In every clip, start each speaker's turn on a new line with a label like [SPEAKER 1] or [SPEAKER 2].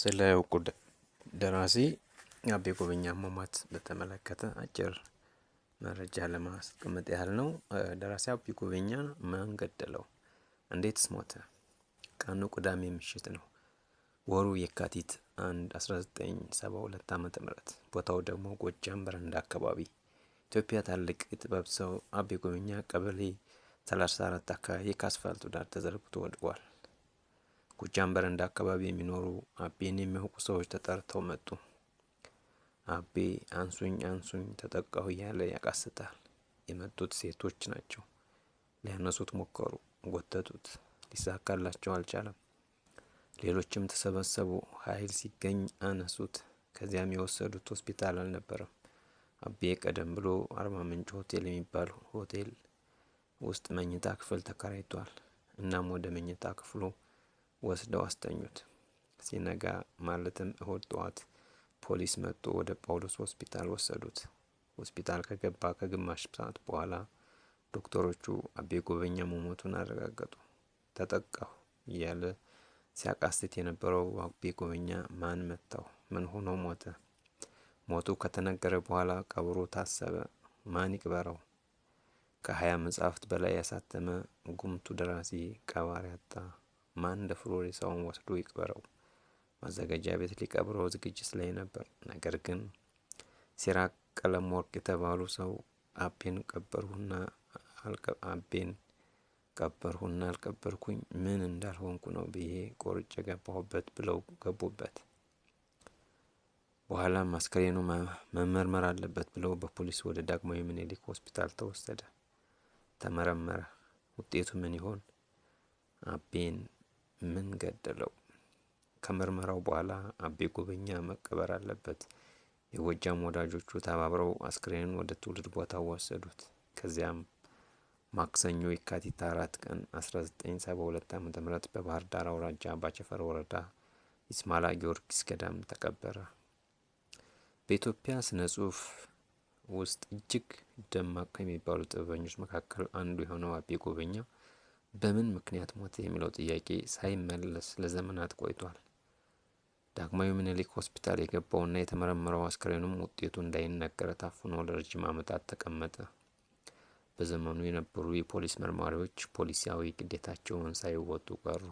[SPEAKER 1] ስለ እውቁ ደራሲ አቤ ጎበኛ አሟሟት በተመለከተ አጭር መረጃ ለማስቀመጥ ያህል ነው። ደራሲ አቤ ጎበኛ ማን ገደለው? እንዴትስ ሞተ? ቀኑ ቅዳሜ ምሽት ነው። ወሩ የካቲት 1 1972 ዓ.ም። ቦታው ደግሞ ጎጃም በረንዳ አካባቢ። ኢትዮጵያ ታላቅ የጥበብ ሰው አቤ ጎበኛ ቀበሌ 34 አካባቢ ከአስፋልቱ ዳር ተዘርግቶ ወድቋል። ጎጃም በረንዳ አካባቢ የሚኖሩ አቤን የሚያውቁ ሰዎች ተጠርተው መጡ። አቤ አንሱኝ አንሱኝ ተጠቃሁ እያለ ያቃስታል። የመጡት ሴቶች ናቸው። ሊያነሱት ሞከሩ፣ ጎተቱት። ሊሳካላቸው አልቻለም። ሌሎችም ተሰበሰቡ። ኃይል ሲገኝ አነሱት። ከዚያም የወሰዱት ሆስፒታል አልነበረም። አቤ ቀደም ብሎ አርባ ምንጭ ሆቴል የሚባል ሆቴል ውስጥ መኝታ ክፍል ተከራይቷል። እናም ወደ መኝታ ክፍሉ ወስደው አስተኙት። ሲነጋ ማለትም እሁድ ጠዋት ፖሊስ መጥቶ ወደ ጳውሎስ ሆስፒታል ወሰዱት። ሆስፒታል ከገባ ከግማሽ ሰዓት በኋላ ዶክተሮቹ አቤ ጎበኛ መሞቱን አረጋገጡ። ተጠቃሁ እያለ ሲያቃስት የነበረው አቤ ጎበኛ ማን መታው? ምን ሆኖ ሞተ? ሞቱ ከተነገረ በኋላ ቀብሩ ታሰበ። ማን ይቅበረው? ከሀያ መጽሐፍት በላይ ያሳተመ ጉምቱ ደራሲ ቀባሪ አጣ። ማን ደፍሮ ሬሳውን ወስዶ ይቅበረው? ማዘጋጃ ቤት ሊቀብረው ዝግጅት ላይ ነበር። ነገር ግን ሲራክ ቀለም ወርቅ የተባሉ ሰው አቤን ቀበርሁና አቤን ቀበርሁና አልቀበርኩኝ ምን እንዳልሆንኩ ነው ብዬ ቆርጬ ገባሁበት ብለው ገቡበት። በኋላም ማስከሬኑ መመርመር አለበት ብለው በፖሊስ ወደ ዳግማዊ ምኒልክ ሆስፒታል ተወሰደ። ተመረመረ። ውጤቱ ምን ይሆን? አቤን ምን ገደለው? ከምርመራው በኋላ አቤ ጉበኛ መቀበር አለበት። የጎጃም ወዳጆቹ ተባብረው አስክሬኑን ወደ ትውልድ ቦታው ወሰዱት። ከዚያም ማክሰኞ የካቲት አራት ቀን 1972 ዓ ም በባህር ዳር አውራጃ ባቸፈር ወረዳ ኢስማላ ጊዮርጊስ ገዳም ተቀበረ። በኢትዮጵያ ስነ ጽሁፍ ውስጥ እጅግ ደማቅ ከሚባሉ ጥበበኞች መካከል አንዱ የሆነው አቤ ጉበኛ በምን ምክንያት ሞተ የሚለው ጥያቄ ሳይመለስ ለዘመናት ቆይቷል። ዳግማዊ ምኒልክ ሆስፒታል የገባውና የተመረመረው አስክሬኑም ውጤቱ እንዳይነገረ ታፍኖ ለረጅም ዓመታት ተቀመጠ። በዘመኑ የነበሩ የፖሊስ መርማሪዎች ፖሊሲያዊ ግዴታቸውን ሳይወጡ ቀሩ።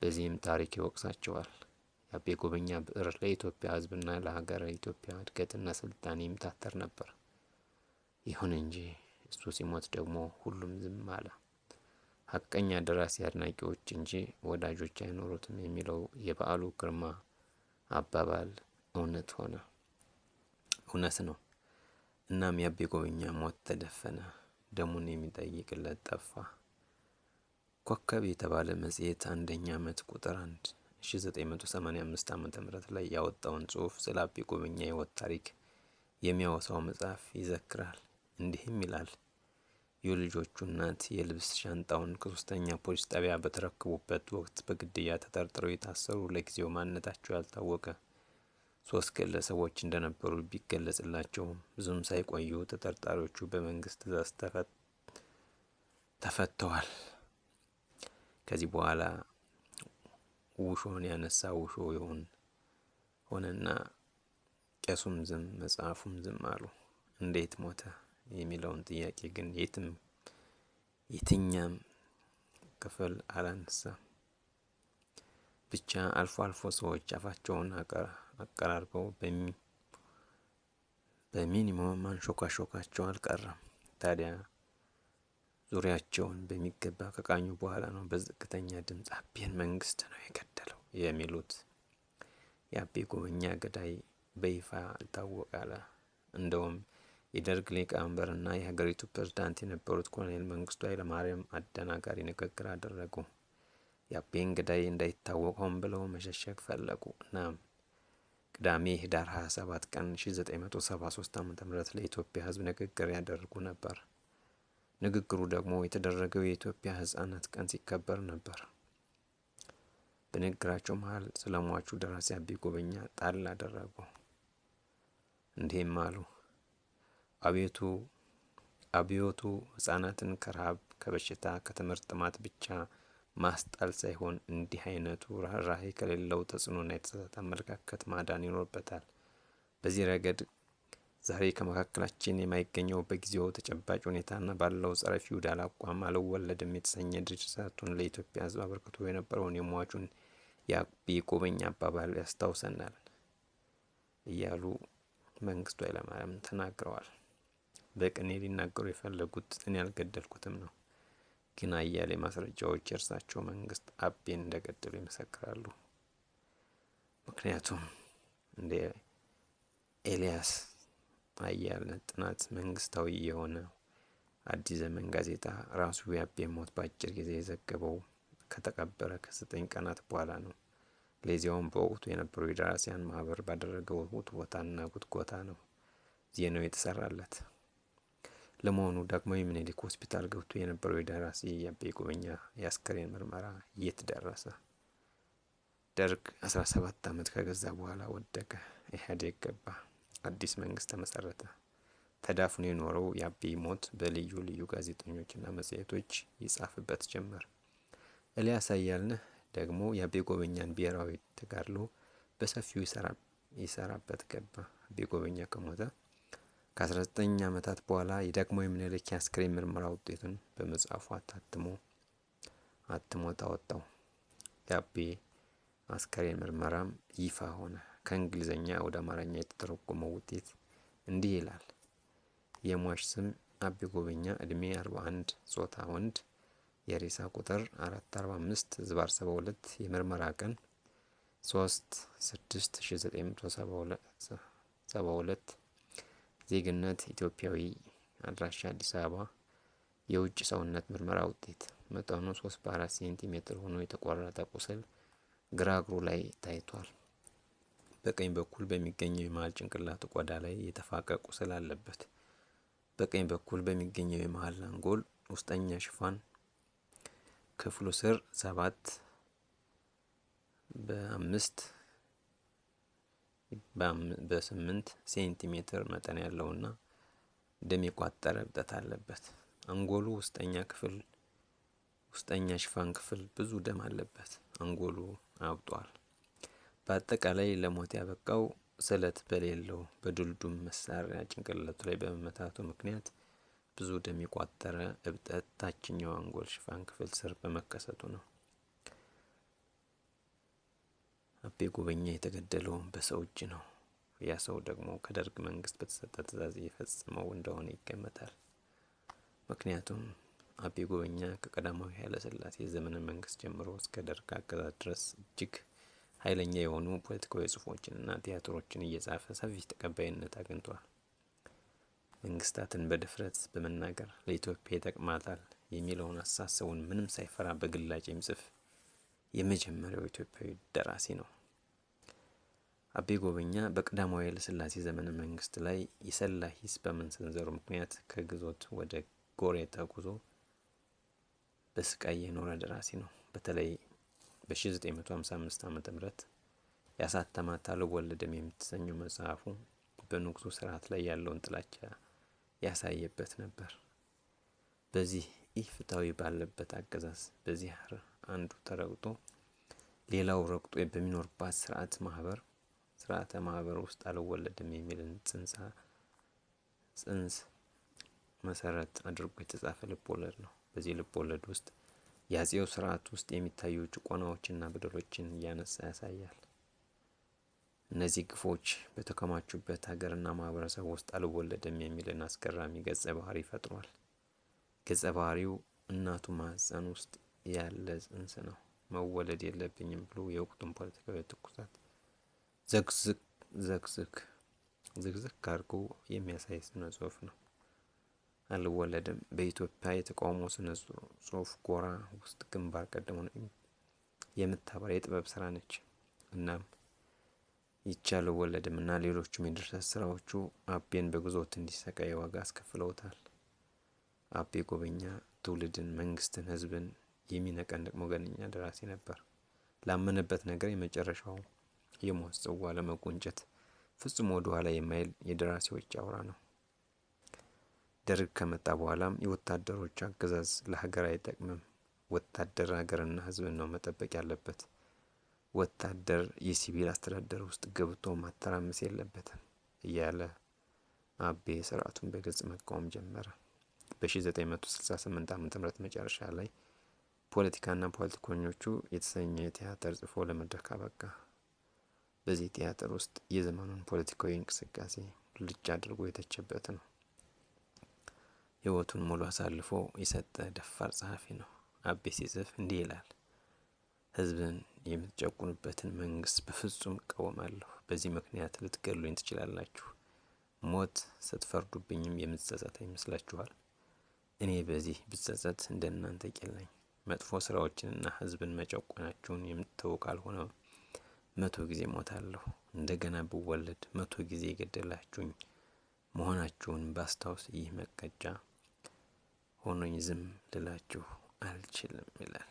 [SPEAKER 1] በዚህም ታሪክ ይወቅሳቸዋል። የአቤ ጎበኛ ብዕር ለኢትዮጵያ ሕዝብና ለሀገረ ኢትዮጵያ እድገትና ስልጣኔ ይምታተር ነበር። ይሁን እንጂ እሱ ሲሞት ደግሞ ሁሉም ዝም አለ። ሀቀኛ ደራሲ አድናቂዎች እንጂ ወዳጆች አይኖሩትም የሚለው የበዓሉ ግርማ አባባል እውነት ሆነ። እውነት ነው። እናም የአቤ ጎበኛ ሞት ተደፈነ፣ ደሙን የሚጠይቅለት ጠፋ። ኮከብ የተባለ መጽሔት አንደኛ ዓመት ቁጥር አንድ 1985 ዓ ም ላይ ያወጣውን ጽሁፍ ስለ አቤ ጎበኛ ሕይወት ታሪክ የሚያወሳው መጽሐፍ ይዘክራል። እንዲህም ይላል የልጆቹ እናት የልብስ ሻንጣውን ከሶስተኛ ፖሊስ ጣቢያ በተረከቡበት ወቅት በግድያ ተጠርጥረው የታሰሩ ለጊዜው ማንነታቸው ያልታወቀ ሶስት ግለሰቦች እንደነበሩ ቢገለጽላቸውም ብዙም ሳይቆዩ ተጠርጣሪዎቹ በመንግስት ትእዛዝ ተፈተዋል። ከዚህ በኋላ ውሾን ያነሳ ውሾ ይሆን ሆነና ቄሱም ዝም መጽሐፉም ዝም አሉ። እንዴት ሞተ? የሚለውን ጥያቄ ግን የትም የትኛም ክፍል አላነሳም። ብቻ አልፎ አልፎ ሰዎች አፋቸውን አቀራርበው በሚኒመም ማንሾካሾካቸው አልቀረም። ታዲያ ዙሪያቸውን በሚገባ ከቃኙ በኋላ ነው በዝቅተኛ ድምፅ አቤን መንግስት ነው የገደለው የሚሉት። የአቤ ጉበኛ ገዳይ በይፋ አልታወቃለ። እንደውም የደርግ ሊቀመንበርና የሀገሪቱ ፕሬዝዳንት የነበሩት ኮሎኔል መንግስቱ ኃይለማርያም አደናጋሪ ንግግር አደረጉ። የአቤ እንግዳይ እንዳይታወቅ ሆን ብለው መሸሸግ ፈለጉ። እና ቅዳሜ ህዳር 27 ቀን 1973 ዓ ም ለኢትዮጵያ ህዝብ ንግግር ያደርጉ ነበር። ንግግሩ ደግሞ የተደረገው የኢትዮጵያ ህጻናት ቀን ሲከበር ነበር። በንግግራቸው መሀል ስለሟቹ ደራሲ አቤ ጎበኛ ጣል አደረጉ። እንዲህም አሉ። አቤቱ አብዮቱ ሕፃናትን ከረሃብ ከበሽታ ከትምህርት ጥማት ብቻ ማስጣል ሳይሆን እንዲህ አይነቱ ርኅራኄ ከሌለው ተጽዕኖና የተሳሳተ አመለካከት ማዳን ይኖርበታል። በዚህ ረገድ ዛሬ ከመካከላችን የማይገኘው በጊዜው ተጨባጭ ሁኔታና ባለው ጸረ ፊውዳል አቋም አልወለድም የተሰኘ ድርሰቱን ለኢትዮጵያ ሕዝብ አበርክቶ የነበረውን የሟቹን የቆበኛ አባባል ያስታውሰናል እያሉ መንግስቱ ኃይለማርያም ተናግረዋል። በቅኔ ሊናገሩ የፈለጉት እኔ ያልገደልኩትም ነው፣ ግን አያሌ ማስረጃዎች የእርሳቸው መንግስት አቤን እንደገደሉ ይመሰክራሉ። ምክንያቱም እንደ ኤልያስ አያለ ጥናት መንግስታዊ የሆነው አዲስ ዘመን ጋዜጣ ራሱ የአቤን ሞት በአጭር ጊዜ የዘገበው ከተቀበረ ከዘጠኝ ቀናት በኋላ ነው። ለዚያውም በወቅቱ የነበረው የደራሲያን ማህበር ባደረገው ውትወታና ጉትጎታ ነው ዜናው የተሰራለት። ለመሆኑ ዳግማዊ ምኒልክ ሆስፒታል ገብቶ የነበረው የደራሲ ያቤ ጉበኛ የአስከሬን ምርመራ የት ደረሰ? ደርግ 17 ዓመት ከገዛ በኋላ ወደቀ። ኢህአዴግ ገባ። አዲስ መንግስት ተመሰረተ። ተዳፍኖ የኖረው የአቤ ሞት በልዩ ልዩ ጋዜጠኞችና መጽሔቶች ይጻፍበት ጀመር። ኤልያስ አያልነህ ደግሞ የአቤ ጎበኛን ብሔራዊ ተጋድሎ በሰፊው ይሰራበት ገባ። አቤ ጎበኛ ከሞተ ከ19 ዓመታት በኋላ የደግሞ ምኒልክ የአስክሬን ምርመራ ውጤቱን በመጽሐፉ አታትሞ አትሞ ታወጣው። የአቤ አስክሬን ምርመራም ይፋ ሆነ። ከእንግሊዝኛ ወደ አማርኛ የተተረጎመው ውጤት እንዲህ ይላል። የሟች ስም አቤ ጎበኛ፣ እድሜ 41፣ ጾታ ወንድ፣ የሬሳ ቁጥር 445 ዝባር 72፣ የምርመራ ቀን 3 6 1972 ዜግነት ኢትዮጵያዊ። አድራሻ አዲስ አበባ። የውጭ ሰውነት ምርመራ ውጤት መጠኑ 3 በ4 ሴንቲሜትር ሆኖ የተቆረጠ ቁስል ግራ እግሩ ላይ ታይቷል። በቀኝ በኩል በሚገኘው የመሃል ጭንቅላት ቆዳ ላይ የተፋቀ ቁስል አለበት። በቀኝ በኩል በሚገኘው የመሃል አንጎል ውስጠኛ ሽፋን ክፍሉ ስር ሰባት በአምስት በስምንት ሴንቲሜትር መጠን ያለውና ደም የቋጠረ እብጠት አለበት። አንጎሉ ውስጠኛ ክፍል ውስጠኛ ሽፋን ክፍል ብዙ ደም አለበት። አንጎሉ አብጧል። በአጠቃላይ ለሞት ያበቃው ስለት በሌለው በድልዱም መሳሪያ ጭንቅላቱ ላይ በመመታቱ ምክንያት ብዙ ደም የቋጠረ እብጠት ታችኛው አንጎል ሽፋን ክፍል ስር በመከሰቱ ነው። አቤ ጉበኛ የተገደለው በሰው እጅ ነው። ያ ሰው ደግሞ ከደርግ መንግስት በተሰጠ ትእዛዝ እየፈጸመው እንደሆነ ይገመታል። ምክንያቱም አቤ ጉበኛ ከቀዳማዊ ኃይለስላሴ ዘመነ መንግስት ጀምሮ እስከ ደርግ አገዛዝ ድረስ እጅግ ኃይለኛ የሆኑ ፖለቲካዊ ጽሁፎችንና ቲያትሮችን እየጻፈ ሰፊ ተቀባይነት አግኝቷል። መንግስታትን በድፍረት በመናገር ለኢትዮጵያ ይጠቅማታል የሚለውን አሳሰቡን ምንም ሳይፈራ በግላጭ የሚጽፍ የመጀመሪያው ኢትዮጵያዊ ደራሲ ነው። አቤ ጎበኛ በቀዳማዊ ኃይለ ሥላሴ ዘመነ መንግስት ላይ የሰላ ሂስ በመንሰንዘሩ ምክንያት ከግዞት ወደ ጎሬ ተጉዞ በስቃይ የኖረ ደራሲ ነው። በተለይ በ1955 ዓ ም ያሳተማት አልወለድም የምትሰኘው መጽሐፉ በንጉሱ ስርዓት ላይ ያለውን ጥላቻ ያሳየበት ነበር። በዚህ ኢፍትሐዊ ባለበት አገዛዝ በዚህ አንዱ ተረግጦ ሌላው ረግጦ በሚኖርባት ስርዓት ማህበር ስርዓተ ማህበር ውስጥ አልወለድም የሚልን ጽንሰ ጽንስ መሰረት አድርጎ የተጻፈ ልቦለድ ነው። በዚህ ልቦለድ ውስጥ የአፄው ስርዓት ውስጥ የሚታዩ ጭቆናዎችና በደሎችን እያነሳ ያሳያል። እነዚህ ግፎች በተከማቹበት ሀገርና ማህበረሰብ ውስጥ አልወለድም የሚልን አስገራሚ ገጸ ባህሪ ፈጥሯል። ገጸ ባህሪው እናቱ ማህፀን ውስጥ ያለ ጽንስ ነው። መወለድ የለብኝም ብሎ የወቅቱን ፖለቲካዊ ትኩሳት ዘግዝግ ዝግዝግ አድርጎ የሚያሳይ ስነ ጽሁፍ ነው። አልወለድም በኢትዮጵያ የተቃውሞ ስነ ጽሁፍ ጎራ ውስጥ ግንባር ቀደሙ የምታበራ የጥበብ ስራ ነች። እናም ይቺ አልወለድም እና ሌሎቹም የድርሰት ስራዎቹ አቤን በግዞት እንዲሰቃይ ዋጋ አስከፍለውታል። አቤ ጎበኛ ትውልድን፣ መንግስትን፣ ህዝብን የሚነቀንቅ ሞገደኛ ደራሲ ነበር። ላመነበት ነገር የመጨረሻው የሞት ጽዋ ለመጎንጨት ፍጹም ወደ ኋላ የማይል የደራሲዎች አውራ ነው። ደርግ ከመጣ በኋላም የወታደሮች አገዛዝ ለሀገር አይጠቅምም፣ ወታደር ሀገርና ሕዝብን ነው መጠበቅ ያለበት። ወታደር የሲቪል አስተዳደር ውስጥ ገብቶ ማተራመስ የለበትም እያለ አቤ ስርዓቱን በግልጽ መቃወም ጀመረ። በ1968 ዓ ም መጨረሻ ላይ ፖለቲካና ፖለቲከኞቹ የተሰኘ ቲያትር ጽፎ ለመድረክ አበቃ። በዚህ ቲያትር ውስጥ የዘመኑን ፖለቲካዊ እንቅስቃሴ ልጭ አድርጎ የተቸበት ነው። ሕይወቱን ሙሉ አሳልፎ የሰጠ ደፋር ጸሐፊ ነው። አቤ ሲጽፍ እንዲህ ይላል። ህዝብን የምትጨቁንበትን መንግስት በፍጹም እቃወማለሁ። በዚህ ምክንያት ልትገሉኝ ትችላላችሁ። ሞት ስትፈርዱብኝም የምትጸጸት ይመስላችኋል? እኔ በዚህ ብጸጸት እንደ እናንተ ቄል ነኝ። መጥፎ ስራዎችንና ህዝብን መጨቆናችሁን የምትተዉ ካልሆነ መቶ ጊዜ ሞታለሁ፣ እንደገና ብወለድ መቶ ጊዜ የገደላችሁኝ መሆናችሁን ባስታውስ ይህ መቀጫ ሆኖኝ ዝም ልላችሁ አልችልም ይላል።